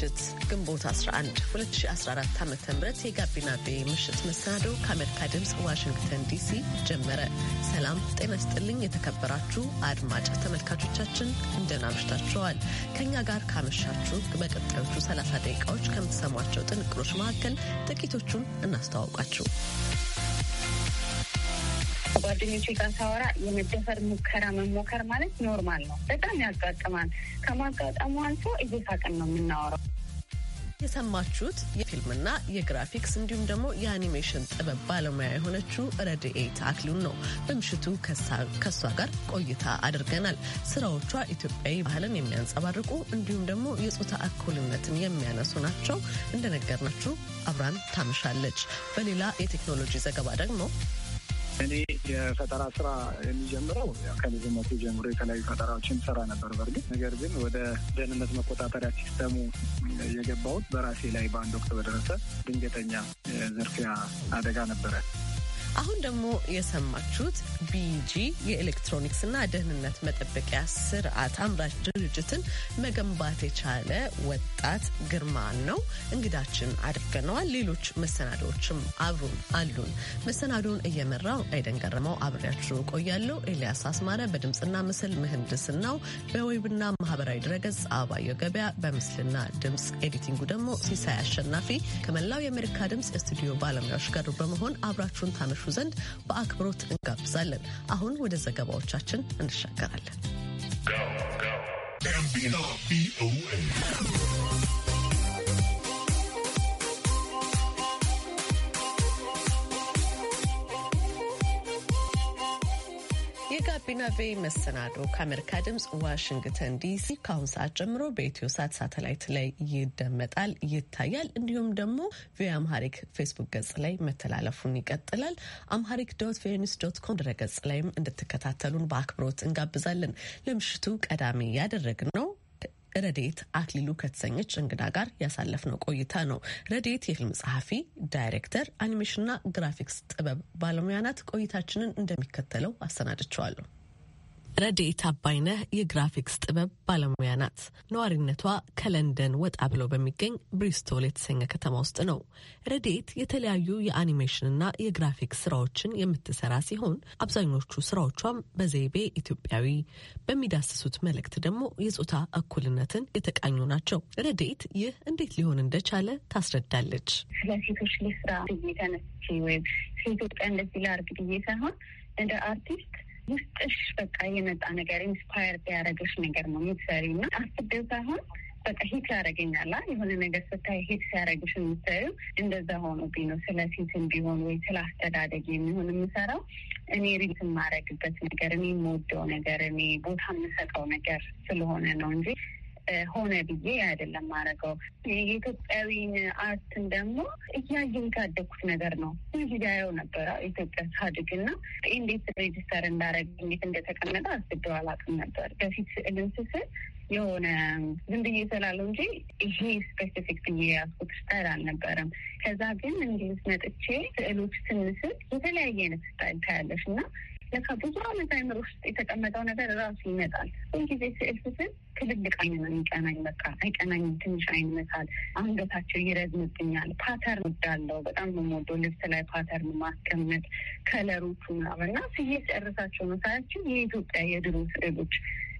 ምሽት ግንቦት 11 2014 ዓ ም የጋቢና ቤ ምሽት መሰናዶ ከአሜሪካ ድምፅ ዋሽንግተን ዲሲ ጀመረ። ሰላም ጤና ስጥልኝ። የተከበራችሁ አድማጭ ተመልካቾቻችን እንደናምሽታችኋል። ከእኛ ጋር ካመሻችሁ በቀጣዮቹ 30 ደቂቃዎች ከምትሰሟቸው ጥንቅሮች መካከል ጥቂቶቹን እናስተዋውቃችሁ። ከጓደኞቼ ጋር ሳወራ የመደፈር ሙከራ መሞከር ማለት ኖርማል ነው። በጣም ያጋጥማል። ከማጋጠሙ አልፎ እየሳቅን ነው የምናወራው። የሰማችሁት የፊልምና የግራፊክስ እንዲሁም ደግሞ የአኒሜሽን ጥበብ ባለሙያ የሆነችው ረድኤት አክሊሉን ነው። በምሽቱ ከሷ ጋር ቆይታ አድርገናል። ስራዎቿ ኢትዮጵያዊ ባህልን የሚያንጸባርቁ እንዲሁም ደግሞ የጾታ እኩልነትን የሚያነሱ ናቸው። እንደነገርናችሁ አብራን ታመሻለች። በሌላ የቴክኖሎጂ ዘገባ ደግሞ እኔ የፈጠራ ስራ የሚጀምረው ከልጅነቴ ጀምሮ የተለያዩ ፈጠራዎችን ሰራ ነበር። በእርግጥ ነገር ግን ወደ ደህንነት መቆጣጠሪያ ሲስተሙ የገባሁት በራሴ ላይ በአንድ ወቅት በደረሰ ድንገተኛ ዝርፊያ አደጋ ነበረ። አሁን ደግሞ የሰማችሁት ቢጂ የኤሌክትሮኒክስና ደህንነት መጠበቂያ ስርዓት አምራች ድርጅትን መገንባት የቻለ ወጣት ግርማን ነው እንግዳችን አድርገነዋል። ሌሎች መሰናዶዎችም አብሩን አሉን። መሰናዶውን እየመራው አይደን ገረመው አብሬያችሁ ቆያለሁ። ኤልያስ አስማረ በድምፅና ምስል ምህንድስናው፣ በዌብና ማህበራዊ ድረገጽ አበባየው ገበያ፣ በምስልና ድምፅ ኤዲቲንጉ ደግሞ ሲሳይ አሸናፊ ከመላው የአሜሪካ ድምፅ የስቱዲዮ ባለሙያዎች ጋር በመሆን አብራችሁን ታመ ታመሹ ዘንድ በአክብሮት እንጋብዛለን። አሁን ወደ ዘገባዎቻችን እንሻገራለን። ጋቢና ቬ መሰናዶ ከአሜሪካ ድምፅ ዋሽንግተን ዲሲ ከአሁን ሰዓት ጀምሮ በኢትዮ ሳት ሳተላይት ላይ ይደመጣል፣ ይታያል። እንዲሁም ደግሞ ቪ አምሃሪክ ፌስቡክ ገጽ ላይ መተላለፉን ይቀጥላል። አምሃሪክ ዶት ቪኦኤ ኒውስ ዶት ኮም ድረ ገጽ ላይም እንድትከታተሉን በአክብሮት እንጋብዛለን። ለምሽቱ ቀዳሚ ያደረግን ነው ረዴት አክሊሉ ከተሰኘች እንግዳ ጋር ያሳለፍነው ቆይታ ነው። ረዴት የፊልም ጸሐፊ፣ ዳይሬክተር፣ አኒሜሽንና ግራፊክስ ጥበብ ባለሙያ ናት። ቆይታችንን እንደሚከተለው አሰናድቸዋለሁ። ረዴት አባይነህ የግራፊክስ ጥበብ ባለሙያ ናት። ነዋሪነቷ ከለንደን ወጣ ብሎ በሚገኝ ብሪስቶል የተሰኘ ከተማ ውስጥ ነው። ረዴት የተለያዩ የአኒሜሽንና የግራፊክስ ስራዎችን የምትሰራ ሲሆን አብዛኞቹ ስራዎቿም በዘይቤ ኢትዮጵያዊ፣ በሚዳስሱት መልእክት ደግሞ የጾታ እኩልነትን የተቃኙ ናቸው። ረዴት ይህ እንዴት ሊሆን እንደቻለ ታስረዳለች። ስለ ሴቶች ልስራ ብዬ ተነስቼ ወይም ኢትዮጵያ እንደዚህ ላርግ ብዬ ሳይሆን እንደ አርቲስት ውስጥሽ በቃ የመጣ ነገር ኢንስፓየር ያደረገሽ ነገር ነው የምትሰሪው እና አስቤው ሳይሆን በቃ ሂት ያደረገኛላ የሆነ ነገር ስታይ ሂት ሲያደረግሽ የምታዩ እንደዛ ሆኖብኝ ነው። ስለ ሴትም ቢሆን ወይ ስለ አስተዳደግ የሚሆን የምሰራው እኔ ሪት የማደርግበት ነገር እኔ የምወደው ነገር እኔ ቦታ የምሰጠው ነገር ስለሆነ ነው እንጂ ሆነ ብዬ አይደለም ማድረገው። የኢትዮጵያዊን አርትን ደግሞ እያየሁ የታደግኩት ነገር ነው። ሁልጊዜ አየው ነበረ ኢትዮጵያ ሳድግ እና እንዴት ሬጅስተር እንዳረግ እንዴት እንደተቀመጠ አስቤው አላውቅም ነበር። በፊት ስዕልን ስስል የሆነ ዝም ብዬ ስላለው እንጂ ይሄ ስፔሲፊክ ብዬ ያስኩት ስታይል አልነበረም። ከዛ ግን እንግሊዝ መጥቼ ስዕሎች ስንስል የተለያየ አይነት ስታይል ታያለሽ እና ለካ ብዙ አመት አይምሮ ውስጥ የተቀመጠው ነገር ራሱ ይመጣል። ሁልጊዜ ስዕል ስስል ትልልቅ አይን ነው የሚቀናኝ። በቃ አይቀናኝም፣ ትንሽ አይን መሳል አንገታቸው ይረዝምብኛል። ፓተርን ወዳለው በጣም በሞዶ ልብስ ላይ ፓተርን ማስቀመጥ ከለሮቹ ምናምን እና ስዬ ጨርሳቸው መሳያችን የኢትዮጵያ የድሮ ስዕሎች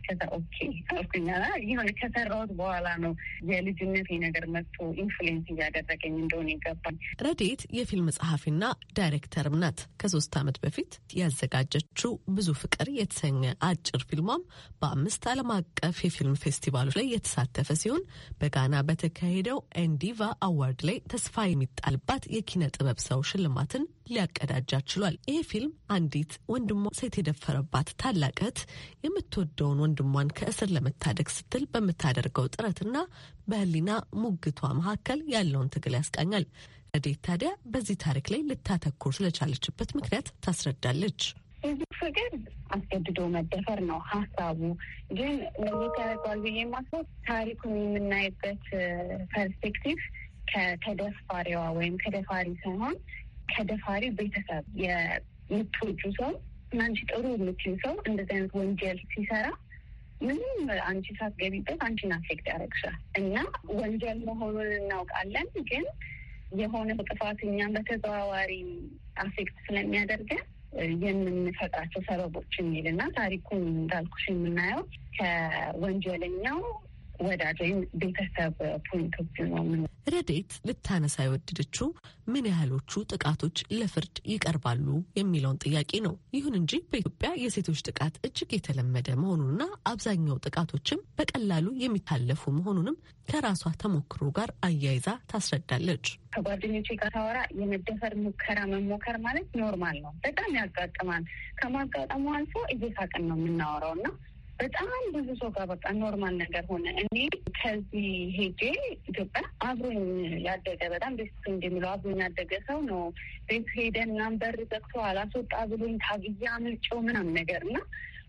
ከዛ ኦኬ አልኩኛና የሆነ ከሰራሁት በኋላ ነው የልጅነት ነገር መጥቶ ኢንፍሉዌንስ እያደረገኝ እንደሆነ ይገባል። ረዴት የፊልም ጸሐፊና ዳይሬክተርም ናት። ከሶስት ዓመት በፊት ያዘጋጀችው ብዙ ፍቅር የተሰኘ አጭር ፊልሟም በአምስት ዓለም አቀፍ የፊልም ፌስቲቫሎች ላይ የተሳተፈ ሲሆን በጋና በተካሄደው ኤንዲቫ አዋርድ ላይ ተስፋ የሚጣልባት የኪነ ጥበብ ሰው ሽልማትን ሊያቀዳጃ ችሏል። ይህ ፊልም አንዲት ወንድሟ ሴት የደፈረባት ታላቅ እህት የምትወደውን ወንድሟን ከእስር ለመታደግ ስትል በምታደርገው ጥረትና በህሊና ሙግቷ መካከል ያለውን ትግል ያስቃኛል። ረዴት ታዲያ በዚህ ታሪክ ላይ ልታተኩር ስለቻለችበት ምክንያት ታስረዳለች። እዚህ ፍቅር አስገድዶ መደፈር ነው ሀሳቡ። ግን ለየት ያደርገዋል ብዬ የማስበው ታሪኩን የምናይበት ፐርስፔክቲቭ ከተደፋሪዋ ወይም ከደፋሪ ሳይሆን ከደፋሪው ቤተሰብ የምትወጁ ሰው እና አንቺ ጥሩ የምትዩ ሰው እንደዚህ አይነት ወንጀል ሲሰራ ምንም አንቺ ሳትገቢበት አንቺን አፌክት ያደረግሻል እና ወንጀል መሆኑን እናውቃለን ግን የሆነ ጥፋት በተዘዋዋሪ አፌክት ስለሚያደርገን የምንፈጥራቸው ሰበቦች የሚል እና ታሪኩን እንዳልኩሽ የምናየው ከወንጀለኛው ወዳጅ ወይም ቤተሰብ ፖይንቶች ነው። ረዴት ልታነሳ የወደደችው ምን ያህሎቹ ጥቃቶች ለፍርድ ይቀርባሉ የሚለውን ጥያቄ ነው። ይሁን እንጂ በኢትዮጵያ የሴቶች ጥቃት እጅግ የተለመደ መሆኑንና አብዛኛው ጥቃቶችም በቀላሉ የሚታለፉ መሆኑንም ከራሷ ተሞክሮ ጋር አያይዛ ታስረዳለች። ከጓደኞች ጋር ታወራ የመደፈር ሙከራ መሞከር ማለት ኖርማል ነው። በጣም ያጋጥማል። ከማጋጠሙ አልፎ እየሳቅን ነው የምናወራው እና በጣም ብዙ ሰው ጋር በቃ ኖርማል ነገር ሆነ። እኔ ከዚህ ሄጄ ኢትዮጵያ አብሮኝ ያደገ በጣም ቤስ እንዲ አብሮኝ ያደገ ሰው ነው። ቤት ሄደን ምናምን በር ዘግቶ አላስወጣ ብሎኝ ታግያ ምልጮ ምናምን ነገር እና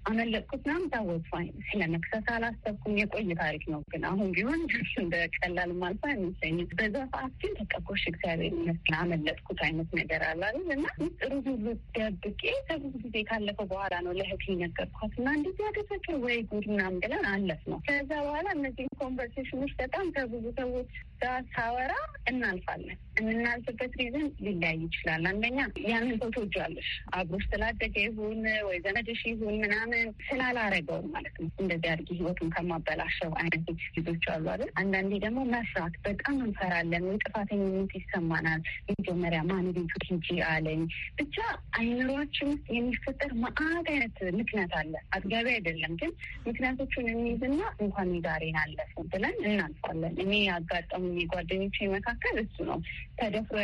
አመለጥኩት ምናምን ታወቅኩ። ስለመክሰስ አላሰብኩም። የቆየ ታሪክ ነው፣ ግን አሁን ቢሆን እንደ ቀላል ማልፋ አይመስለኝም። በዛ ሰዓት ግን ተቀቆሽ እግዚአብሔር ይመስገን አመለጥኩት አይነት ነገር አላለ እና ጥሩ ሁሉ ደብቄ ከብዙ ጊዜ ካለፈው በኋላ ነው ለህግ ነገርኳት እና እንዴት ያደረገ ወይ ጉድ ምናምን ብለን አለፍ ነው። ከዛ በኋላ እነዚህ ኮንቨርሴሽኖች በጣም ከብዙ ሰዎች ጋር ሳወራ እናልፋለን። የምናልፍበት ሪዝን ሊለያይ ይችላል። አንደኛ ያንን ሰው ትወጂዋለሽ አብሮሽ ስላደገ ይሁን ወይ ዘመድሽ ይሁን ምናምን ስላላረገው ማለት ነው። እንደዚህ አድርጊ ህይወቱን ከማበላሸው አይነት ጊዜዎች አሉ አይደል? አንዳንዴ ደግሞ መፍራት በጣም እንፈራለን። ጥፋተኝነት ይሰማናል። መጀመሪያ ማን ቤቱ ሂጂ አለኝ ብቻ አይምሯችን ውስጥ የሚፈጠር ማአት አይነት ምክንያት አለ። አጥጋቢ አይደለም ግን ምክንያቶቹን የሚይዝና እንኳን የዛሬን አለፉ ብለን እናልፋለን። እኔ ያጋጠሙ የጓደኞች መካከል እሱ ነው። ተደፍሮ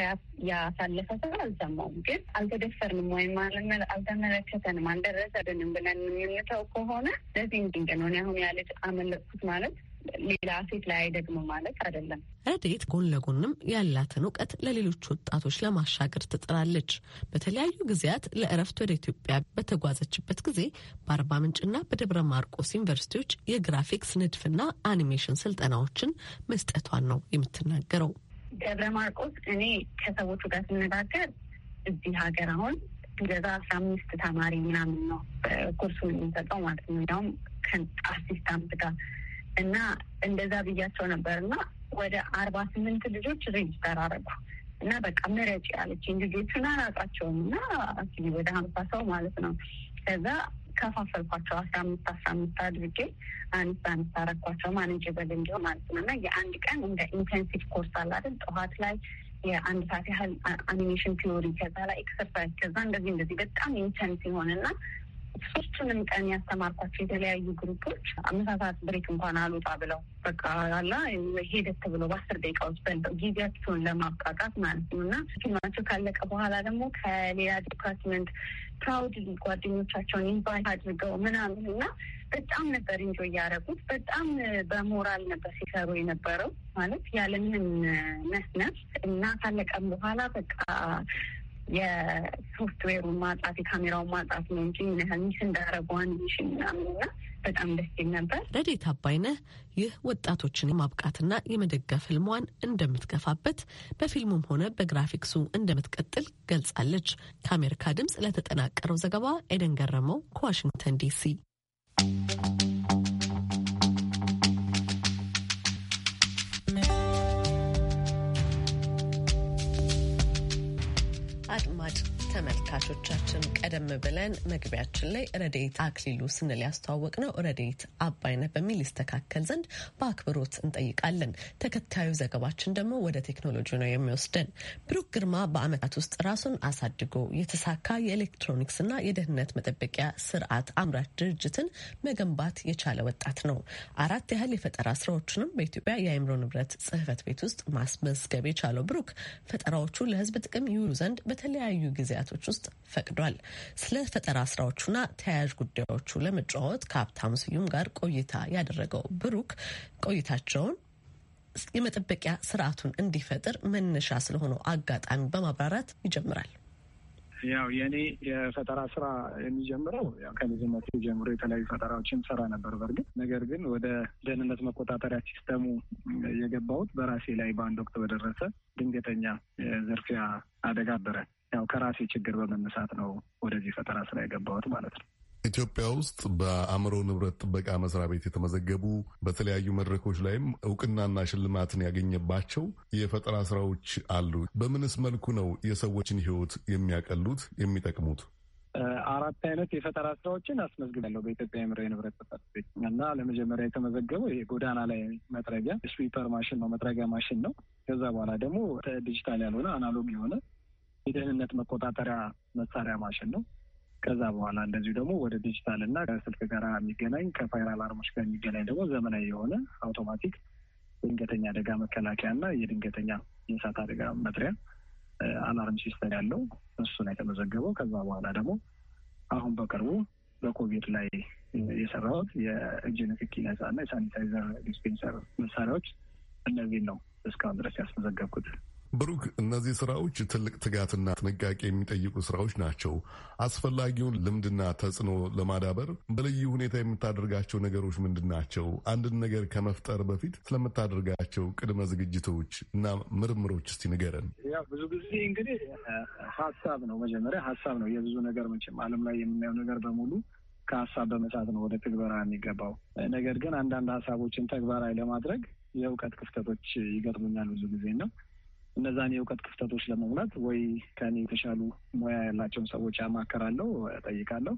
ያሳለፈ ሰው አልሰማውም። ግን አልተደፈርንም ወይም አልተመለከተንም፣ አልደረሰብንም ብለን የምንተው ከሆነ ለዚህ እንዲንቅ ነው አሁን ያለች አመለጥኩት ማለት ሌላ ሴት ላይ ደግሞ ማለት አይደለም። ረዴት ጎን ለጎንም ያላትን እውቀት ለሌሎች ወጣቶች ለማሻገር ትጥራለች። በተለያዩ ጊዜያት ለእረፍት ወደ ኢትዮጵያ በተጓዘችበት ጊዜ በአርባ ምንጭና በደብረ ማርቆስ ዩኒቨርሲቲዎች የግራፊክስ ንድፍና አኒሜሽን ስልጠናዎችን መስጠቷን ነው የምትናገረው። ገብረ ማርቆስ እኔ ከሰዎቹ ጋር ስነጋገር እዚህ ሀገር አሁን እንደዛ አስራ አምስት ተማሪ ምናምን ነው ኮርሱን የምንሰጠው ማለት ነው። እንዲያውም ከአሲስታንት ጋር እና እንደዛ ብያቸው ነበር እና ወደ አርባ ስምንት ልጆች ሬጅስተር አደረጉ እና በቃ መረጭ ያለች ልጆቹን አላውቃቸውም እና ወደ ሀምሳ ሰው ማለት ነው ከዛ ከፋፈልኳቸው አስራ አምስት አስራ አምስት አድርጌ አንድ በአንድ ታረኳቸው ማንጅ በልንዲው ማለት ነው እና የአንድ ቀን እንደ ኢንቴንሲቭ ኮርስ አለ አይደል ጠዋት ላይ የአንድ ሰዓት ያህል አኒሜሽን ቲዎሪ ከዛ ላይ ኤክሰርሳይዝ ከዛ እንደዚህ እንደዚህ በጣም ኢንተንስ የሆነና ሶስቱንም ቀን ያስተማርኳቸው የተለያዩ ግሩፖች አመሳሳት ብሬክ እንኳን አልወጣ ብለው በቃ አላ ሄደት ብሎ በአስር ደቂቃ ውስጥ ጊዜያቸውን ለማብቃቃት ማለት ነው እና ፊልማቸው ካለቀ በኋላ ደግሞ ከሌላ ዲፓርትመንት ፕራውድ ጓደኞቻቸውን ኢንቫይት አድርገው ምናምን እና በጣም ነበር እንጆ እያደረጉት በጣም በሞራል ነበር ሲሰሩ የነበረው ማለት ያለምንም መስነፍ እና ካለቀም በኋላ በቃ የሶፍትዌሩ ማጣት የካሜራውን ማጣት ነው እንጂ ምን ያህል ሚስ እንዳረጓን ሚሽ ምናምንና በጣም ደስ ይል ነበር። ረዴት አባይነህ ይህ ወጣቶችን የማብቃትና የመደገፍ ህልሟን እንደምትገፋበት በፊልሙም ሆነ በግራፊክሱ እንደምትቀጥል ገልጻለች። ከአሜሪካ ድምፅ ለተጠናቀረው ዘገባ ኤደን ገረመው ከዋሽንግተን ዲሲ thank you አድማጭ ተመልካቾቻችን ቀደም ብለን መግቢያችን ላይ ረዴት አክሊሉ ስንል ያስተዋወቅ ነው ረዴት አባይነህ በሚል ይስተካከል ዘንድ በአክብሮት እንጠይቃለን። ተከታዩ ዘገባችን ደግሞ ወደ ቴክኖሎጂ ነው የሚወስደን። ብሩክ ግርማ በአመታት ውስጥ ራሱን አሳድጎ የተሳካ የኤሌክትሮኒክስና የደህንነት መጠበቂያ ስርዓት አምራች ድርጅትን መገንባት የቻለ ወጣት ነው። አራት ያህል የፈጠራ ስራዎችንም በኢትዮጵያ የአእምሮ ንብረት ጽህፈት ቤት ውስጥ ማስመዝገብ የቻለው ብሩክ ፈጠራዎቹ ለህዝብ ጥቅም ይውሉ ዘንድ በተለያዩ ጊዜያት ምክንያቶች ውስጥ ፈቅዷል። ስለ ፈጠራ ስራዎቹና ተያያዥ ጉዳዮቹ ለመጫወት ከሀብታሙ ስዩም ጋር ቆይታ ያደረገው ብሩክ ቆይታቸውን የመጠበቂያ ስርዓቱን እንዲፈጥር መነሻ ስለሆነው አጋጣሚ በማብራራት ይጀምራል። ያው የእኔ የፈጠራ ስራ የሚጀምረው ያው ከልጅነት ጀምሮ የተለያዩ ፈጠራዎችን ሰራ ነበር። በእርግጥ ነገር ግን ወደ ደህንነት መቆጣጠሪያ ሲስተሙ የገባሁት በራሴ ላይ በአንድ ወቅት በደረሰ ድንገተኛ ዝርፊያ አደጋ ያው ከራሴ ችግር በመነሳት ነው ወደዚህ ፈጠራ ስራ የገባሁት ማለት ነው። ኢትዮጵያ ውስጥ በአእምሮ ንብረት ጥበቃ መስሪያ ቤት የተመዘገቡ በተለያዩ መድረኮች ላይም እውቅናና ሽልማትን ያገኘባቸው የፈጠራ ስራዎች አሉ። በምንስ መልኩ ነው የሰዎችን ህይወት የሚያቀሉት የሚጠቅሙት? አራት አይነት የፈጠራ ስራዎችን አስመዝግባለሁ በኢትዮጵያ የአእምሮ ንብረት ጥበቃ ቤት እና ለመጀመሪያ የተመዘገበው ይሄ ጎዳና ላይ መጥረጊያ ስዊፐር ማሽን ነው፣ መጥረጊያ ማሽን ነው። ከዛ በኋላ ደግሞ ዲጂታል ያልሆነ አናሎግ የሆነ የደህንነት መቆጣጠሪያ መሳሪያ ማሽን ነው። ከዛ በኋላ እንደዚሁ ደግሞ ወደ ዲጂታል እና ከስልክ ጋር የሚገናኝ ከፋይር አላርሞች ጋር የሚገናኝ ደግሞ ዘመናዊ የሆነ አውቶማቲክ የድንገተኛ አደጋ መከላከያ እና የድንገተኛ የእሳት አደጋ መጥሪያ አላርም ሲስተም ያለው እሱን የተመዘገበው። ከዛ በኋላ ደግሞ አሁን በቅርቡ በኮቪድ ላይ የሰራሁት የእጅ ንክኪ ነጻ እና የሳኒታይዘር ዲስፔንሰር መሳሪያዎች እነዚህን ነው እስካሁን ድረስ ያስመዘገብኩት። ብሩክ፣ እነዚህ ስራዎች ትልቅ ትጋትና ጥንቃቄ የሚጠይቁ ስራዎች ናቸው። አስፈላጊውን ልምድና ተጽዕኖ ለማዳበር በልዩ ሁኔታ የምታደርጋቸው ነገሮች ምንድን ናቸው? አንድን ነገር ከመፍጠር በፊት ስለምታደርጋቸው ቅድመ ዝግጅቶች እና ምርምሮች እስቲ ንገረን። ያው ብዙ ጊዜ እንግዲህ ሀሳብ ነው መጀመሪያ ሀሳብ ነው የብዙ ነገር መቼም ዓለም ላይ የምናየው ነገር በሙሉ ከሀሳብ በመሳት ነው ወደ ትግበራ የሚገባው። ነገር ግን አንዳንድ ሀሳቦችን ተግባራዊ ለማድረግ የእውቀት ክፍተቶች ይገጥሙኛል ብዙ ጊዜ ነው እነዛን የእውቀት ክፍተቶች ለመሙላት ወይ ከኔ የተሻሉ ሙያ ያላቸውን ሰዎች ያማከራለሁ፣ ጠይቃለሁ።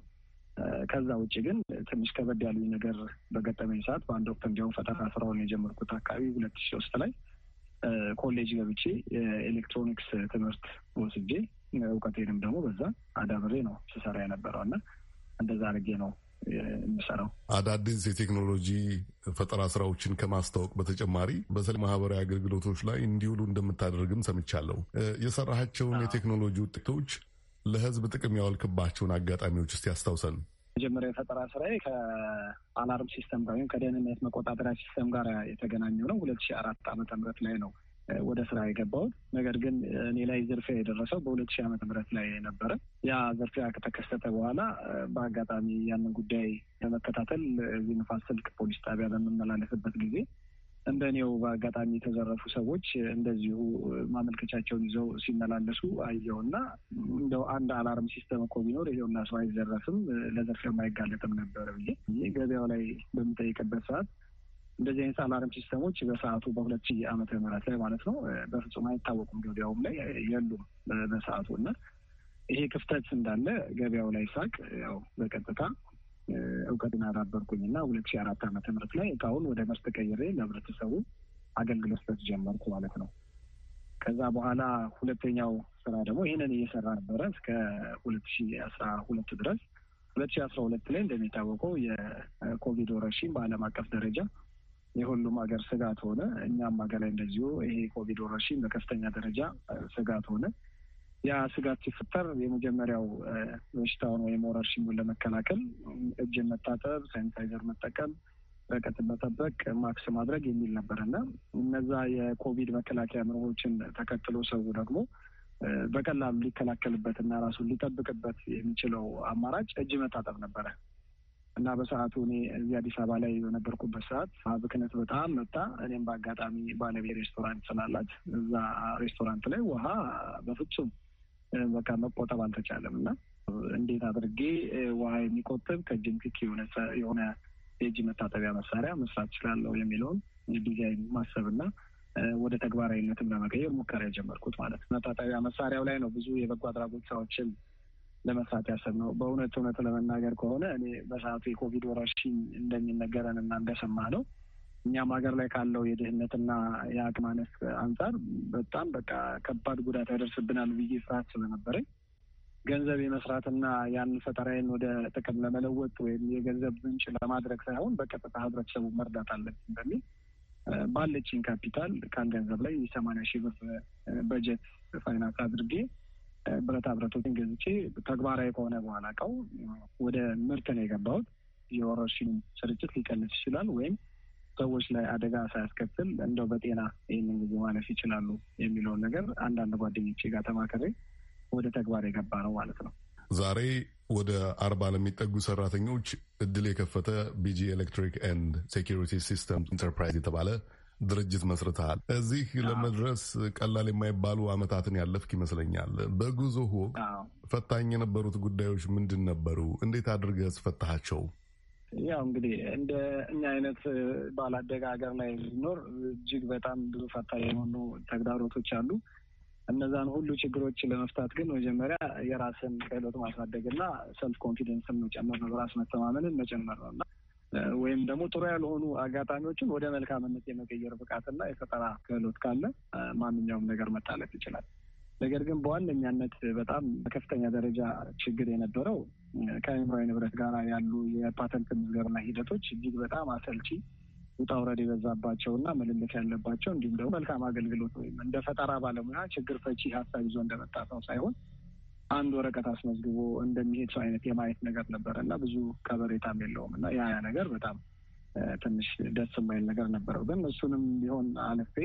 ከዛ ውጭ ግን ትንሽ ከበድ ያሉኝ ነገር በገጠመኝ ሰዓት በአንድ ወቅት እንዲያውም ፈጠራ ስራውን የጀመርኩት አካባቢ ሁለት ሺ ውስጥ ላይ ኮሌጅ ገብቼ የኤሌክትሮኒክስ ትምህርት ወስጄ እውቀቴንም ደግሞ በዛ አዳብሬ ነው ስሰራ የነበረው እና እንደዛ አድርጌ ነው የምሰራው። አዳዲስ የቴክኖሎጂ ፈጠራ ስራዎችን ከማስታወቅ በተጨማሪ በተለይ ማህበራዊ አገልግሎቶች ላይ እንዲውሉ እንደምታደርግም ሰምቻለሁ። የሰራሃቸውን የቴክኖሎጂ ውጤቶች ለህዝብ ጥቅም ያዋልክባቸውን አጋጣሚዎች ውስጥ ያስታውሰን። መጀመሪያ የፈጠራ ስራዬ ከአላርም ሲስተም ጋር ወይም ከደህንነት መቆጣጠሪያ ሲስተም ጋር የተገናኘው ነው። ሁለት ሺህ አራት ዓመተ ምህረት ላይ ነው ወደ ስራ የገባሁት። ነገር ግን እኔ ላይ ዝርፊያ የደረሰው በሁለት ሺህ ዓመተ ምህረት ላይ ነበረ። ያ ዝርፊያ ከተከሰተ በኋላ በአጋጣሚ ያንን ጉዳይ ለመከታተል እዚህ ንፋስ ስልክ ፖሊስ ጣቢያ በምመላለስበት ጊዜ እንደ እኔው በአጋጣሚ የተዘረፉ ሰዎች እንደዚሁ ማመልከቻቸውን ይዘው ሲመላለሱ አየውና እንደው አንድ አላርም ሲስተም እኮ ቢኖር ይሄውና ሰው አይዘረፍም፣ ለዘርፊያ አይጋለጥም ነበር ብዬ ገበያው ላይ በምጠይቅበት ሰዓት እንደዚህ አይነት አላርም ሲስተሞች በሰዓቱ በሁለት ሺህ ዓመተ ምህረት ላይ ማለት ነው በፍጹም አይታወቁም። ገበያውም ላይ የሉም በሰዓቱ እና ይሄ ክፍተት እንዳለ ገበያው ላይ ሳቅ ያው በቀጥታ እውቀትን አዳበርኩኝ እና ሁለት ሺህ አራት ዓመተ ምህረት ላይ እቃውን ወደ ምርት ቀይሬ ለህብረተሰቡ አገልግሎት ጀመርኩ ማለት ነው። ከዛ በኋላ ሁለተኛው ስራ ደግሞ ይህንን እየሰራ ነበረ እስከ ሁለት ሺህ አስራ ሁለት ድረስ ሁለት ሺህ አስራ ሁለት ላይ እንደሚታወቀው የኮቪድ ወረርሽኝ በዓለም አቀፍ ደረጃ የሁሉም ሀገር ስጋት ሆነ። እኛም ሀገር ላይ እንደዚሁ ይሄ ኮቪድ ወረርሽኝ በከፍተኛ ደረጃ ስጋት ሆነ። ያ ስጋት ሲፈጠር የመጀመሪያው በሽታውን ወይም ወረርሽኙን ለመከላከል እጅን መታጠብ፣ ሳኒታይዘር መጠቀም፣ ርቀት መጠበቅ፣ ማክስ ማድረግ የሚል ነበር እና እነዛ የኮቪድ መከላከያ ምርቦችን ተከትሎ ሰው ደግሞ በቀላሉ ሊከላከልበት እና ራሱን ሊጠብቅበት የሚችለው አማራጭ እጅ መታጠብ ነበረ። እና በሰዓቱ እኔ እዚህ አዲስ አበባ ላይ በነበርኩበት ሰዓት ብክነት በጣም መጣ። እኔም በአጋጣሚ ባለቤ ሬስቶራንት ስላላት እዛ ሬስቶራንት ላይ ውሃ በፍጹም በቃ መቆጠብ አልተቻለም እና እንዴት አድርጌ ውሃ የሚቆጥብ ክክ የሆነ የእጅ መታጠቢያ መሳሪያ መስራት እችላለሁ የሚለውን ዲዛይን ማሰብና ወደ ተግባራዊነትም ለመቀየር ሙከራ የጀመርኩት ማለት መታጠቢያ መሳሪያው ላይ ነው ብዙ የበጎ አድራጎት ስራዎችን ለመስራት ነው በእውነት እውነት ለመናገር ከሆነ እኔ በሰዓቱ የኮቪድ ወረርሽኝ እንደሚነገረን እና እንደሰማ ነው እኛም ሀገር ላይ ካለው የድህነትና የአቅም ማነስ አንጻር በጣም በቃ ከባድ ጉዳት ያደርስብናል ብዬ ፍርሃት ስለነበረኝ ገንዘብ የመስራትና ያን ፈጠራዬን ወደ ጥቅም ለመለወጥ ወይም የገንዘብ ምንጭ ለማድረግ ሳይሆን በቀጥታ ህብረተሰቡ መርዳት አለብን በሚል ባለችኝ ካፒታል ከአንድ ገንዘብ ላይ የሰማንያ ሺህ ብር በጀት ፋይናንስ አድርጌ ብረታ ብረቶችን ገዝቼ ተግባራዊ ከሆነ በኋላ ቀው ወደ ምርት ነው የገባሁት። የወረርሽኝ ስርጭት ሊቀንስ ይችላል ወይም ሰዎች ላይ አደጋ ሳያስከትል እንደው በጤና ይህንን ጊዜ ማለፍ ይችላሉ የሚለውን ነገር አንዳንድ ጓደኞቼ ጋር ተማከሬ ወደ ተግባር የገባ ነው ማለት ነው። ዛሬ ወደ አርባ ለሚጠጉ ሰራተኞች እድል የከፈተ ቢጂ ኤሌክትሪክ ኤንድ ሴኪሪቲ ሲስተም ኢንተርፕራይዝ የተባለ ድርጅት መስርተሃል። እዚህ ለመድረስ ቀላል የማይባሉ አመታትን ያለፍክ ይመስለኛል። በጉዞ ወቅት ፈታኝ የነበሩት ጉዳዮች ምንድን ነበሩ? እንዴት አድርገህ ፈታሃቸው? ያው እንግዲህ እንደ እኛ አይነት ባላደገ ሀገር ላይ ሲኖር እጅግ በጣም ብዙ ፈታኝ የሆኑ ተግዳሮቶች አሉ። እነዛን ሁሉ ችግሮች ለመፍታት ግን መጀመሪያ የራስን ክህሎት ማሳደግና ሰልፍ ኮንፊደንስን መጨመር ነው፣ በራስ መተማመንን መጨመር ነው እና ወይም ደግሞ ጥሩ ያልሆኑ አጋጣሚዎችን ወደ መልካምነት የመቀየር ብቃትና የፈጠራ ክህሎት ካለ ማንኛውም ነገር መታለፍ ይችላል። ነገር ግን በዋነኛነት በጣም በከፍተኛ ደረጃ ችግር የነበረው ከአእምሯዊ ንብረት ጋር ያሉ የፓተንት ምዝገባ ሂደቶች እጅግ በጣም አሰልቺ ውጣ ውረድ የበዛባቸው እና ምልልስ ያለባቸው እንዲሁም ደግሞ መልካም አገልግሎት ወይም እንደ ፈጠራ ባለሙያ ችግር ፈቺ ሀሳብ ይዞ እንደመጣ ሰው ሳይሆን አንድ ወረቀት አስመዝግቦ እንደሚሄድ ሰው አይነት የማየት ነገር ነበረ እና ብዙ ከበሬታም የለውም እና ያ ነገር በጣም ትንሽ ደስ የማይል ነገር ነበረው። ግን እሱንም ቢሆን አልፌ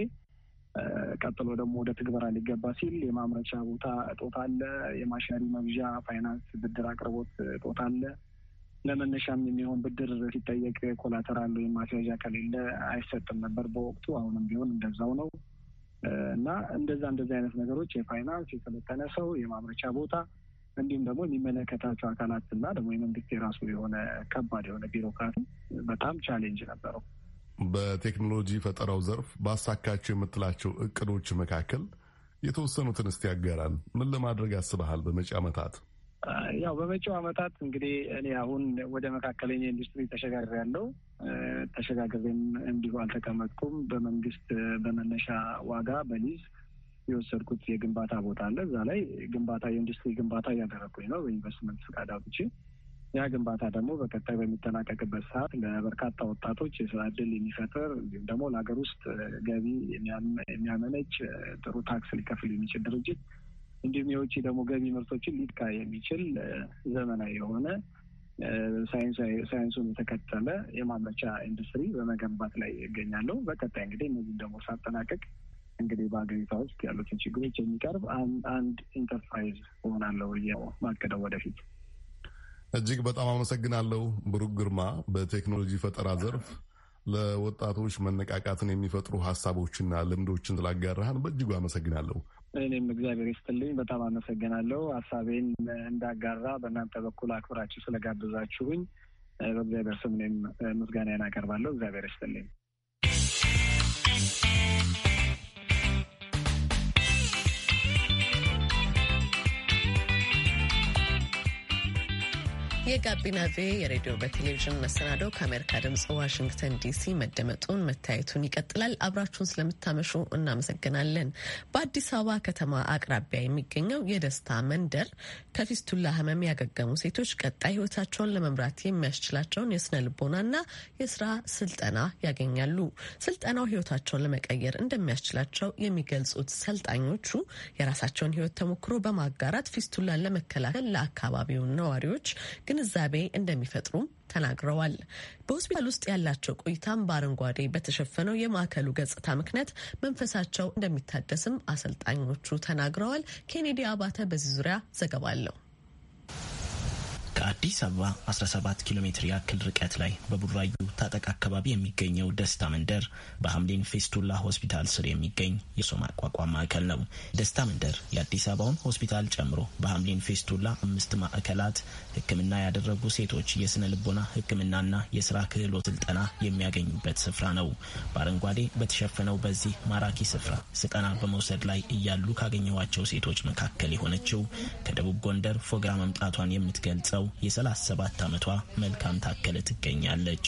ቀጥሎ ደግሞ ወደ ትግበራ ሊገባ ሲል የማምረቻ ቦታ እጦት አለ፣ የማሽነሪ መግዣ ፋይናንስ ብድር አቅርቦት እጦት አለ። ለመነሻም የሚሆን ብድር ሲጠየቅ ኮላተራል ወይም ማስያዣ ከሌለ አይሰጥም ነበር በወቅቱ። አሁንም ቢሆን እንደዛው ነው። እና እንደዛ እንደዚ አይነት ነገሮች የፋይናንስ የሰለጠነ ሰው የማምረቻ ቦታ እንዲሁም ደግሞ የሚመለከታቸው አካላት እና ደግሞ የመንግስት የራሱ የሆነ ከባድ የሆነ ቢሮክራሲ በጣም ቻሌንጅ ነበረው። በቴክኖሎጂ ፈጠራው ዘርፍ ባሳካቸው የምትላቸው እቅዶች መካከል የተወሰኑትን እስቲ ያጋራል። ምን ለማድረግ አስበሃል በመጪ ዓመታት? ያው በመጪው አመታት እንግዲህ እኔ አሁን ወደ መካከለኛ ኢንዱስትሪ ተሸጋግር ያለው ተሸጋግሬም እንዲሁ አልተቀመጥኩም። በመንግስት በመነሻ ዋጋ በሊዝ የወሰድኩት የግንባታ ቦታ አለ። እዛ ላይ ግንባታ የኢንዱስትሪ ግንባታ እያደረግኩኝ ነው በኢንቨስትመንት ፈቃድ አውጥቼ። ያ ግንባታ ደግሞ በቀጣይ በሚጠናቀቅበት ሰዓት ለበርካታ ወጣቶች የስራ እድል የሚፈጥር እንዲሁም ደግሞ ለሀገር ውስጥ ገቢ የሚያመነጭ ጥሩ ታክስ ሊከፍል የሚችል ድርጅት እንዲሁም የውጭ ደግሞ ገቢ ምርቶችን ሊጥካ የሚችል ዘመናዊ የሆነ ሳይንሱን የተከተለ የማምረቻ ኢንዱስትሪ በመገንባት ላይ ይገኛለሁ። በቀጣይ እንግዲህ እነዚህም ደግሞ ሳጠናቀቅ እንግዲህ በሀገሪቷ ውስጥ ያሉትን ችግሮች የሚቀርብ አንድ ኢንተርፕራይዝ እሆናለሁ ብዬ ማቀደው ወደፊት። እጅግ በጣም አመሰግናለሁ። ብሩክ ግርማ በቴክኖሎጂ ፈጠራ ዘርፍ ለወጣቶች መነቃቃትን የሚፈጥሩ ሀሳቦችና ልምዶችን ስላጋራህን በእጅጉ አመሰግናለሁ። እኔም እግዚአብሔር ይስጥልኝ በጣም አመሰግናለሁ። ሀሳቤን እንዳጋራ በእናንተ በኩል አክብራችሁ ስለጋብዛችሁኝ በእግዚአብሔር ስም እኔም ምስጋናዬን አቀርባለሁ። እግዚአብሔር ይስጥልኝ። የጋቢና ቪ የሬዲዮ በቴሌቪዥን መሰናዶ ከአሜሪካ ድምፅ ዋሽንግተን ዲሲ መደመጡን መታየቱን ይቀጥላል። አብራችሁን ስለምታመሹ እናመሰግናለን። በአዲስ አበባ ከተማ አቅራቢያ የሚገኘው የደስታ መንደር ከፊስቱላ ሕመም ያገገሙ ሴቶች ቀጣይ ሕይወታቸውን ለመምራት የሚያስችላቸውን የስነ ልቦናና የስራ ስልጠና ያገኛሉ። ስልጠናው ሕይወታቸውን ለመቀየር እንደሚያስችላቸው የሚገልጹት ሰልጣኞቹ የራሳቸውን ሕይወት ተሞክሮ በማጋራት ፊስቱላን ለመከላከል ለአካባቢው ነዋሪዎች ግን ግንዛቤ እንደሚፈጥሩም ተናግረዋል። በሆስፒታል ውስጥ ያላቸው ቆይታም በአረንጓዴ በተሸፈነው የማዕከሉ ገጽታ ምክንያት መንፈሳቸው እንደሚታደስም አሰልጣኞቹ ተናግረዋል። ኬኔዲ አባተ በዚህ ዙሪያ ዘገባ አለው። ከአዲስ አበባ 17 ኪሎ ሜትር ያክል ርቀት ላይ በቡራዩ ታጠቅ አካባቢ የሚገኘው ደስታ መንደር በሐምሊን ፌስቱላ ሆስፒታል ስር የሚገኝ የሶማ አቋቋም ማዕከል ነው። ደስታ መንደር የአዲስ አበባውን ሆስፒታል ጨምሮ በሐምሊን ፌስቱላ አምስት ማዕከላት ሕክምና ያደረጉ ሴቶች የስነ ልቦና ሕክምናና የስራ ክህሎት ስልጠና የሚያገኙበት ስፍራ ነው። በአረንጓዴ በተሸፈነው በዚህ ማራኪ ስፍራ ስልጠና በመውሰድ ላይ እያሉ ካገኘዋቸው ሴቶች መካከል የሆነችው ከደቡብ ጎንደር ፎግራ መምጣቷን የምትገልጸው የ37 ዓመቷ መልካም ታከለ ትገኛለች።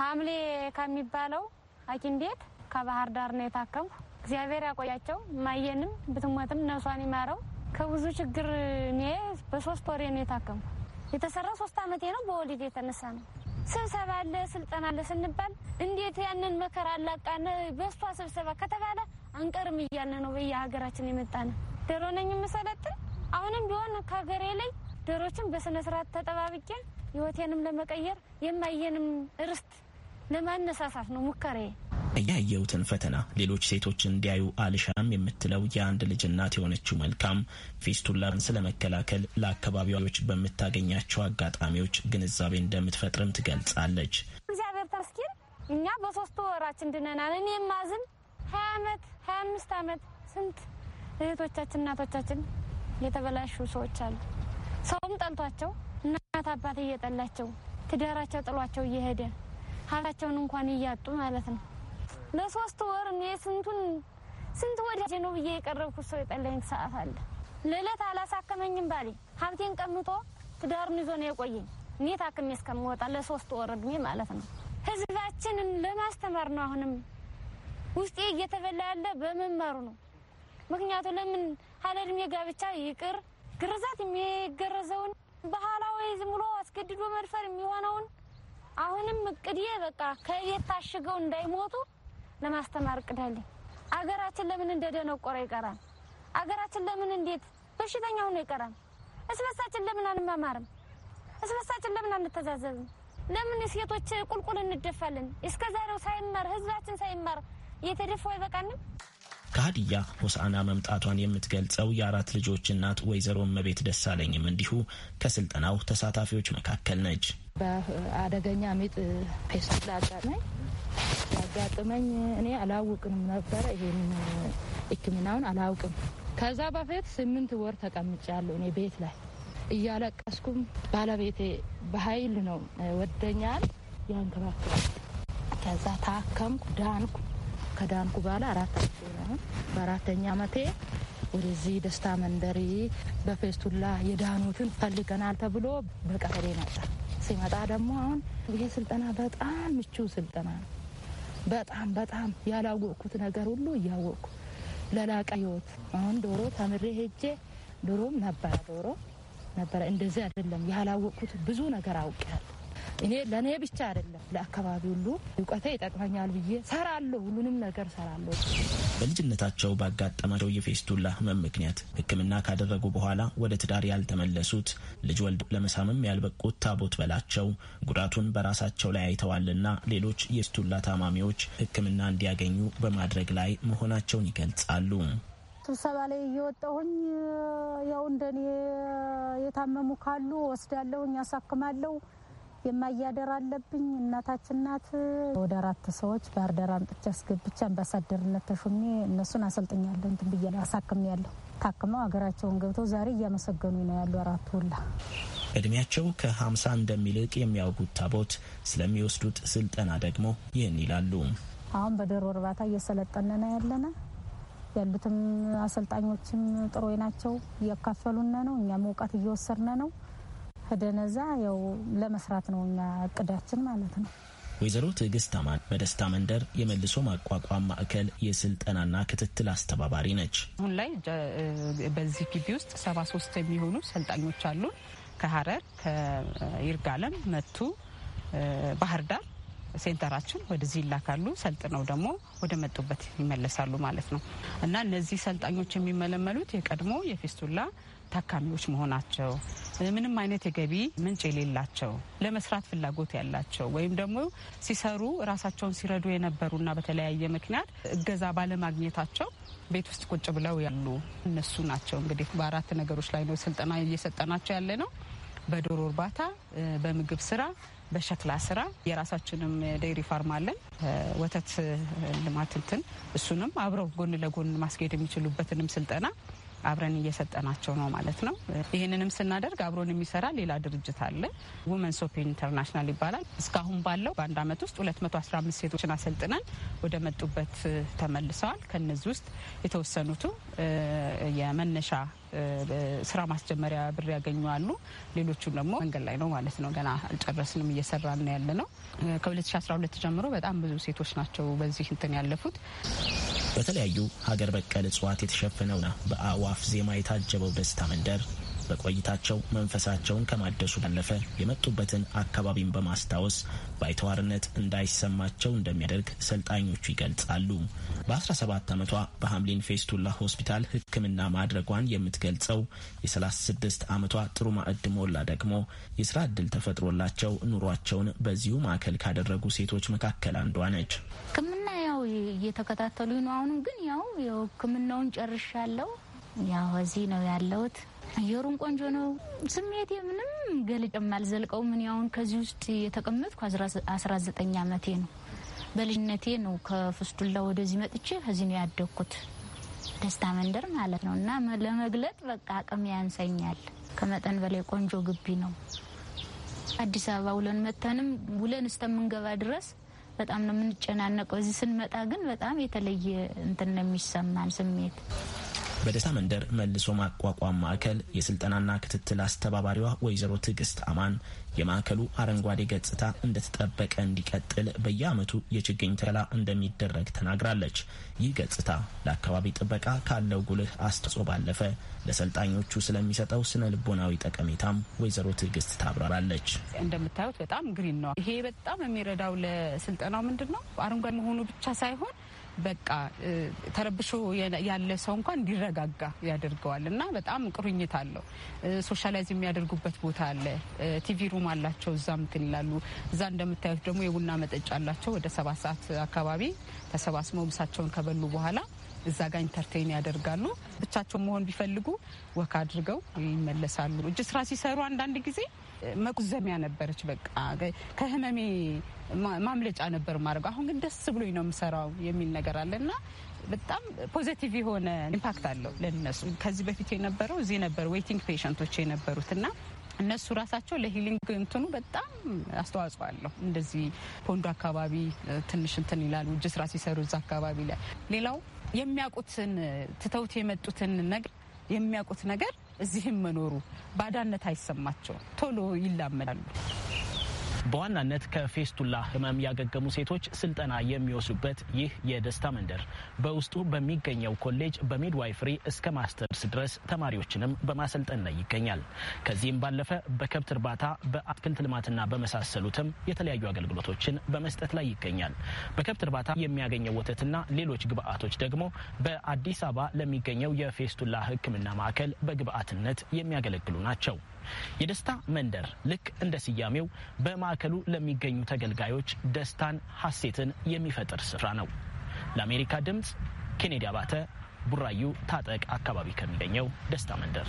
ሐምሌ ከሚባለው ሐኪም ቤት ከባህር ዳር ነው የታከምኩ። እግዚአብሔር ያቆያቸው። ማየንም ብትሞትም ነፍሷን ይማረው። ከብዙ ችግር እኔ በሶስት ወሬ ነው የታከምኩ። የተሰራ ሶስት ዓመቴ ነው። በወሊድ የተነሳ ነው። ስብሰባ አለ ስልጠና አለ ስንባል እንዴት ያንን መከራ አላቃነ በስቷ ስብሰባ ከተባለ አንቀርም እያለ ነው በየሀገራችን የመጣ ነው። ድሮ ነኝ የምሰለጥን አሁንም ቢሆን ከሀገሬ ላይ ዶሮችን በስነ ስርዓት ተጠባብቄ ህይወቴንም ለመቀየር የማየንም ርስት ለማነሳሳት ነው ሙከሬ። እያየሁትን ፈተና ሌሎች ሴቶች እንዲያዩ አልሻም የምትለው የአንድ ልጅ እናት የሆነችው መልካም ፊስቱላን ስለመከላከል ለአካባቢዎች በምታገኛቸው አጋጣሚዎች ግንዛቤ እንደምትፈጥርም ትገልጻለች። እግዚአብሔር ተርስኪን እኛ በሶስቱ ወራችን ድነናል። እኔ የማዝን ሀያ አመት ሀያ አምስት አመት ስንት እህቶቻችን እናቶቻችን የተበላሹ ሰዎች አሉ። ሰውም ጠልቷቸው እናት አባት እየጠላቸው ትዳራቸው ጥሏቸው እየሄደ ሀብታቸውን እንኳን እያጡ ማለት ነው። ለሶስት ወር እኔ ስንቱን ስንት ወዳጅ ነው ብዬ የቀረብኩት ሰው የጠላኝ ሰዓት አለ። ለዕለት አላሳከመኝም ባሌ ሀብቴን ቀምቶ ትዳሩን ይዞ ነው የቆየኝ። እኔ ታክሜ እስከምወጣ ለሶስት ወር እድሜ ማለት ነው። ህዝባችንን ለማስተማር ነው አሁንም ውስጤ እየተበላ ያለ በመማሩ ነው። ምክንያቱ ለምን ያለ እድሜ ጋብቻ ይቅር ግርዛት የሚገረዘውን ባህላዊ ዝም ብሎ አስገድዶ መድፈር የሚሆነውን አሁንም እቅድዬ በቃ ከቤት ታሽገው እንዳይሞቱ ለማስተማር እቅዳለኝ። አገራችን ለምን እንደደነቆረ ይቀራል? አገራችን ለምን እንዴት በሽተኛ ሆኖ ይቀራል? እስበሳችን ለምን አንማማርም? እስበሳችን ለምን አንተዛዘዝም? ለምን የሴቶች ቁልቁል እንደፋለን? እስከዛሬው ሳይማር ህዝባችን ሳይማር እየተደፋ አይበቃንም? ከሀዲያ ሆሳና መምጣቷን የምትገልጸው የአራት ልጆች እናት ወይዘሮ እመቤት ደሳለኝም እንዲሁ ከስልጠናው ተሳታፊዎች መካከል ነች። በአደገኛ ሚጥ ፔስት አጋጥመኝ ያጋጥመኝ እኔ አላውቅንም ነበረ። ይሄን ሕክምናውን አላውቅም። ከዛ በፊት ስምንት ወር ተቀምጫለሁ እኔ ቤት ላይ እያለቀስኩም ባለቤቴ በኃይል ነው ወደኛል ያንከባከባል። ከዛ ታከምኩ ዳንኩ። ከዳንኩ በኋላ አራት በአራተኛ አመቴ ወደዚህ ደስታ መንደሪ በፌስቱላ የዳኑትን ፈልገናል ተብሎ በቀበሌ መጣ። ሲመጣ ደግሞ አሁን ይሄ ስልጠና በጣም ምቹ ስልጠና ነው። በጣም በጣም ያላወቅኩት ነገር ሁሉ እያወቅኩ ለላቀ ህይወት አሁን ዶሮ ተምሬ ሄጄ ዶሮም ነበረ ዶሮ ነበረ እንደዚህ አይደለም ያላወቅኩት ብዙ ነገር ያለ ይሄ ለእኔ ብቻ አይደለም፣ ለአካባቢ ሁሉ እውቀቴ ይጠቅመኛል ብዬ ሰራለሁ። ሁሉንም ነገር ሰራለሁ። በልጅነታቸው ባጋጠማቸው የፌስቱላ ህመም ምክንያት ሕክምና ካደረጉ በኋላ ወደ ትዳር ያልተመለሱት ልጅ ወልድ ለመሳምም ያልበቁት ታቦት በላቸው ጉዳቱን በራሳቸው ላይ አይተዋልና ሌሎች የፌስቱላ ታማሚዎች ሕክምና እንዲያገኙ በማድረግ ላይ መሆናቸውን ይገልጻሉ። ስብሰባ ላይ እየወጣሁኝ ያው እንደኔ የታመሙ ካሉ ወስዳለሁኝ፣ ያሳክማለሁ የማያደር አለብኝ እናታችን ናት። ወደ አራት ሰዎች በአርደር ዳር አምጥቼ አስገብቼ አምባሳደርነት ተሾሜ እነሱን አሰልጥኛለሁ እንትን ብዬ አሳክሜያለሁ። ታክመው ሀገራቸውን ገብተው ዛሬ እያመሰገኑ ነው ያሉ አራት ሁላ እድሜያቸው ከሀምሳ እንደሚልቅ የሚያውጉት ታቦት ስለሚወስዱት ስልጠና ደግሞ ይህን ይላሉ። አሁን በዶሮ እርባታ እየሰለጠነ ነው ያለነ ያሉትም አሰልጣኞችም ጥሩ ናቸው፣ እያካፈሉነ ነው። እኛም እውቀት እየወሰድነ ነው። ከደነዛ ያው ለመስራት ነው እኛ እቅዳችን ማለት ነው። ወይዘሮ ትዕግስት አማን በደስታ መንደር የመልሶ ማቋቋም ማዕከል የስልጠናና ክትትል አስተባባሪ ነች። አሁን ላይ በዚህ ግቢ ውስጥ ሰባ ሶስት የሚሆኑ ሰልጣኞች አሉ። ከሀረር፣ ከይርጋለም፣ መቱ፣ ባህር ዳር ሴንተራችን ወደዚህ ይላካሉ። ሰልጥነው ደግሞ ወደ መጡበት ይመለሳሉ ማለት ነው እና እነዚህ ሰልጣኞች የሚመለመሉት የቀድሞ የፌስቱላ ታካሚዎች መሆናቸው፣ ምንም አይነት የገቢ ምንጭ የሌላቸው፣ ለመስራት ፍላጎት ያላቸው ወይም ደግሞ ሲሰሩ ራሳቸውን ሲረዱ የነበሩና በተለያየ ምክንያት እገዛ ባለማግኘታቸው ቤት ውስጥ ቁጭ ብለው ያሉ እነሱ ናቸው። እንግዲህ በአራት ነገሮች ላይ ነው ስልጠና እየሰጠናቸው ያለ ነው። በዶሮ እርባታ፣ በምግብ ስራ፣ በሸክላ ስራ የራሳችንም ዴይሪ ፋርም አለን። ወተት ልማት እንትን እሱንም አብረው ጎን ለጎን ማስጌድ የሚችሉበትንም ስልጠና አብረን እየሰጠናቸው ነው ማለት ነው። ይህንንም ስናደርግ አብሮን የሚሰራ ሌላ ድርጅት አለ። ውመን ሶፕ ኢንተርናሽናል ይባላል። እስካሁን ባለው በአንድ አመት ውስጥ 215 ሴቶችን አሰልጥነን ወደ መጡበት ተመልሰዋል። ከነዚህ ውስጥ የተወሰኑቱ የመነሻ ስራ ማስጀመሪያ ብር ያገኙ አሉ። ሌሎቹም ደግሞ መንገድ ላይ ነው ማለት ነው። ገና አልጨረስንም፣ እየሰራን ያለ ነው። ከ2012 ጀምሮ በጣም ብዙ ሴቶች ናቸው በዚህ እንትን ያለፉት። በተለያዩ ሀገር በቀል እጽዋት የተሸፈነውና በአእዋፍ ዜማ የታጀበው ደስታ መንደር በቆይታቸው መንፈሳቸውን ከማደሱ ባለፈ የመጡበትን አካባቢን በማስታወስ ባይተዋርነት እንዳይሰማቸው እንደሚያደርግ ሰልጣኞቹ ይገልጻሉ። በ17 ዓመቷ በሐምሊን ፌስቱላ ሆስፒታል ሕክምና ማድረጓን የምትገልጸው የ36 ዓመቷ ጥሩ ማዕድ ሞላ ደግሞ የስራ እድል ተፈጥሮላቸው ኑሯቸውን በዚሁ ማዕከል ካደረጉ ሴቶች መካከል አንዷ ነች። ሕክምና ያው እየተከታተሉ ነው። አሁንም ግን ያው ሕክምናውን ጨርሻለሁ። ያው እዚህ ነው ያለሁት። አየሩን ቆንጆ ነው። ስሜቴ ምንም ገልጬም አልዘልቀው። ምን ያውን ከዚህ ውስጥ የተቀመጥኩ አስራ ዘጠኝ አመቴ ነው። በልጅነቴ ነው ከፍስቱላ ወደዚህ መጥቼ ከዚህ ነው ያደግኩት ደስታ መንደር ማለት ነው። እና ለመግለጥ በቃ አቅም ያንሰኛል። ከመጠን በላይ ቆንጆ ግቢ ነው። አዲስ አበባ ውለን መተንም ውለን እስከምንገባ ድረስ በጣም ነው የምንጨናነቀው። እዚህ ስንመጣ ግን በጣም የተለየ እንትን ነው የሚሰማን ስሜት በደሳ መንደር መልሶ ማቋቋም ማዕከል የስልጠናና ክትትል አስተባባሪዋ ወይዘሮ ትዕግስት አማን የማዕከሉ አረንጓዴ ገጽታ እንደተጠበቀ እንዲቀጥል በየዓመቱ የችግኝ ተከላ እንደሚደረግ ተናግራለች። ይህ ገጽታ ለአካባቢ ጥበቃ ካለው ጉልህ አስተዋጽኦ ባለፈ ለሰልጣኞቹ ስለሚሰጠው ስነ ልቦናዊ ጠቀሜታም ወይዘሮ ትዕግስት ታብራራለች። እንደምታዩት በጣም ግሪን ነው። ይሄ በጣም የሚረዳው ለስልጠናው ምንድን ነው አረንጓዴ መሆኑ ብቻ ሳይሆን በቃ ተረብሾ ያለ ሰው እንኳን እንዲረጋጋ ያደርገዋል እና በጣም ቁርኝት አለው። ሶሻላይዝ የሚያደርጉበት ቦታ አለ። ቲቪ ሩም አላቸው። እዛ ምትን ይላሉ። እዛ እንደምታዩት ደግሞ የቡና መጠጫ አላቸው። ወደ ሰባት ሰዓት አካባቢ ተሰባስበው ምሳቸውን ከበሉ በኋላ እዛ ጋር ኢንተርቴን ያደርጋሉ። ብቻቸው መሆን ቢፈልጉ ወክ አድርገው ይመለሳሉ። እጅ ስራ ሲሰሩ አንዳንድ ጊዜ መቁዘሚያ ነበረች። በቃ ከህመሜ ማምለጫ ነበር ማድረገው፣ አሁን ግን ደስ ብሎኝ ነው የምሰራው የሚል ነገር አለ እና በጣም ፖዘቲቭ የሆነ ኢምፓክት አለው ለነሱ። ከዚህ በፊት የነበረው እዚህ ነበር ዌይቲንግ ፔሸንቶች የነበሩት እና እነሱ ራሳቸው ለሂሊንግ እንትኑ በጣም አስተዋጽኦ አለው። እንደዚህ ፖንዱ አካባቢ ትንሽ እንትን ይላሉ እጅ ስራ ሲሰሩ እዛ አካባቢ ላይ ሌላው የሚያውቁትን ትተውት የመጡትን ነገር የሚያውቁት ነገር እዚህም መኖሩ ባዳነት አይሰማቸውም። ቶሎ ይላመዳሉ። በዋናነት ከፌስቱላ ህመም ያገገሙ ሴቶች ስልጠና የሚወስዱበት ይህ የደስታ መንደር በውስጡ በሚገኘው ኮሌጅ በሚድዋይፍሪ እስከ ማስተርስ ድረስ ተማሪዎችንም በማሰልጠን ላይ ይገኛል። ከዚህም ባለፈ በከብት እርባታ፣ በአትክልት ልማትና በመሳሰሉትም የተለያዩ አገልግሎቶችን በመስጠት ላይ ይገኛል። በከብት እርባታ የሚያገኘው ወተትና ሌሎች ግብአቶች ደግሞ በአዲስ አበባ ለሚገኘው የፌስቱላ ህክምና ማዕከል በግብአትነት የሚያገለግሉ ናቸው። የደስታ መንደር ልክ እንደ ስያሜው በማዕከሉ ለሚገኙ ተገልጋዮች ደስታን፣ ሐሴትን የሚፈጥር ስፍራ ነው። ለአሜሪካ ድምፅ ኬኔዲ አባተ ቡራዩ ታጠቅ አካባቢ ከሚገኘው ደስታ መንደር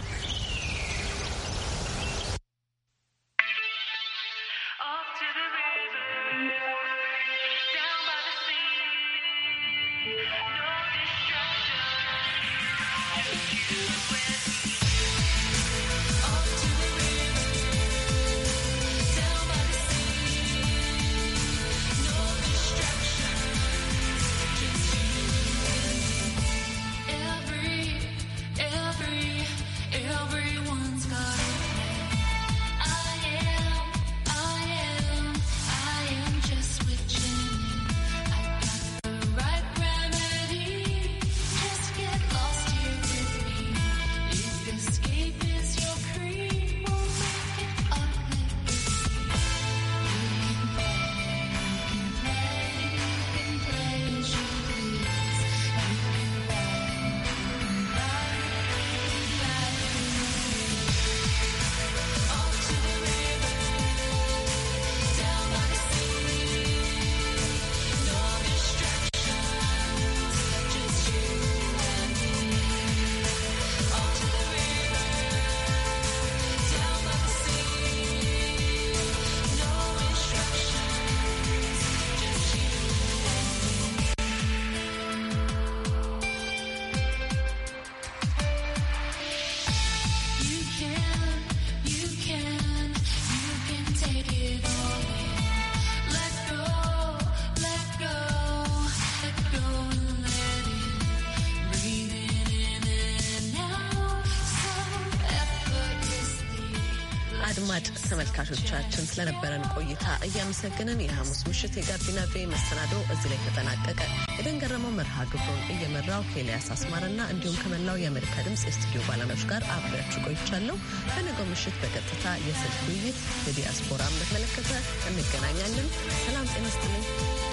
ተመልካቾቻችን ስለነበረን ቆይታ እያመሰገንን የሐሙስ ምሽት የጋቢና ቪ መሰናዶ እዚህ ላይ ተጠናቀቀ። የደንገረመው መርሃ ግብሩን እየመራው ኬልያስ አስማርና እንዲሁም ከመላው የአሜሪካ ድምፅ የስቱዲዮ ባለሙያዎች ጋር አብሬያችሁ ቆይቻለሁ። በነገው ምሽት በቀጥታ የስልክ ውይይት የዲያስፖራ በተመለከተ እንገናኛለን። ሰላም ጤና ስጥልኝ።